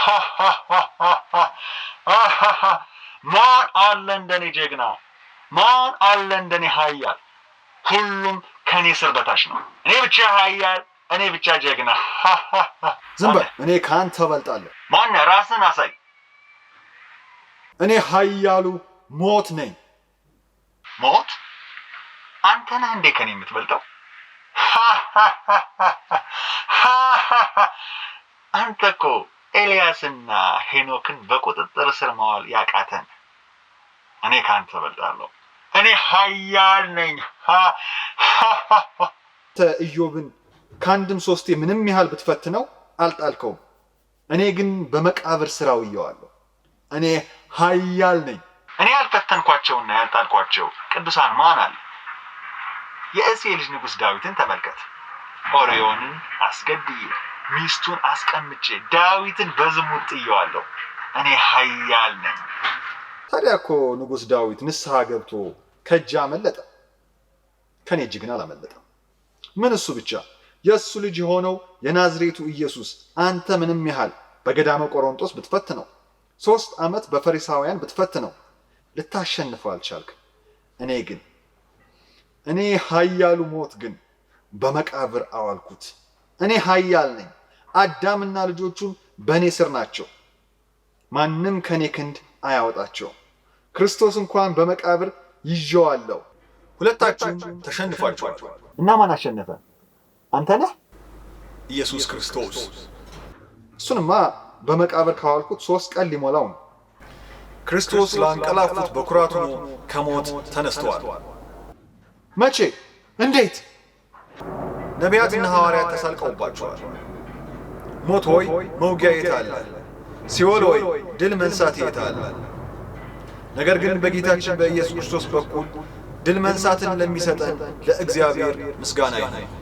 ማን አለ እንደኔ ጀግና? ማን አለ እንደኔ ሀያል? ሁሉም ከኔ ስር በታች ነው። እኔ ብቻ ሀያል እኔ ብቻ ጀግና። ዝም በል፣ እኔ ከአንተ እበልጣለሁ። ማነህ? ራስን አሳይ። እኔ ሀያሉ ሞት ነኝ። ሞት? አንተ ነህ እንዴ ከኔ የምትበልጠው? አንተ እኮ ኤልያስና ሄኖክን በቁጥጥር ስር መዋል ያቃተን እኔ ከአንተ በልጣለሁ። እኔ ሀያል ነኝ። ኢዮብን ከአንድም ሶስቴ ምንም ያህል ብትፈትነው አልጣልከውም። እኔ ግን በመቃብር ስራው እየዋለሁ። እኔ ሀያል ነኝ። እኔ ያልፈተንኳቸውና ያልጣልኳቸው ቅዱሳን ማን አለ? የእሴ ልጅ ንጉሥ ዳዊትን ተመልከት። ኦርዮንን አስገድዬ ሚስቱን አስቀምጬ ዳዊትን በዝሙት ጥየዋለሁ። እኔ ኃያል ነኝ። ታዲያ እኮ ንጉሥ ዳዊት ንስሐ ገብቶ ከእጅ አመለጠ፣ ከእኔ እጅ ግን አላመለጠም። ምን እሱ ብቻ የእሱ ልጅ የሆነው የናዝሬቱ ኢየሱስ አንተ ምንም ያህል በገዳመ ቆሮንጦስ ነው ሦስት ዓመት በፈሪሳውያን ነው፣ ልታሸንፈው አልቻልክ። እኔ ግን እኔ ኃያሉ ሞት ግን በመቃብር አዋልኩት። እኔ ኃያል ነኝ። አዳምና ልጆቹም በእኔ ስር ናቸው፣ ማንም ከእኔ ክንድ አያወጣቸውም። ክርስቶስ እንኳን በመቃብር ይዤዋለሁ። ሁለታችሁም ተሸንፋችኋል። እና ማን አሸነፈ? አንተ ነህ ኢየሱስ ክርስቶስ። እሱንማ በመቃብር ካዋልኩት ሶስት ቀን ሊሞላው ነው። ክርስቶስ ላንቀላፉት በኩራት ሆኖ ከሞት ተነስተዋል። መቼ? እንዴት? ነቢያትና ሐዋርያት ተሳልቀውባቸዋል። ሞት ሆይ መውጊያ የታለ? ሲኦል ሆይ ድል መንሳት የታለ? ነገር ግን በጌታችን በኢየሱስ ክርስቶስ በኩል ድል መንሳትን ለሚሰጠን ለእግዚአብሔር ምስጋና ይሁን።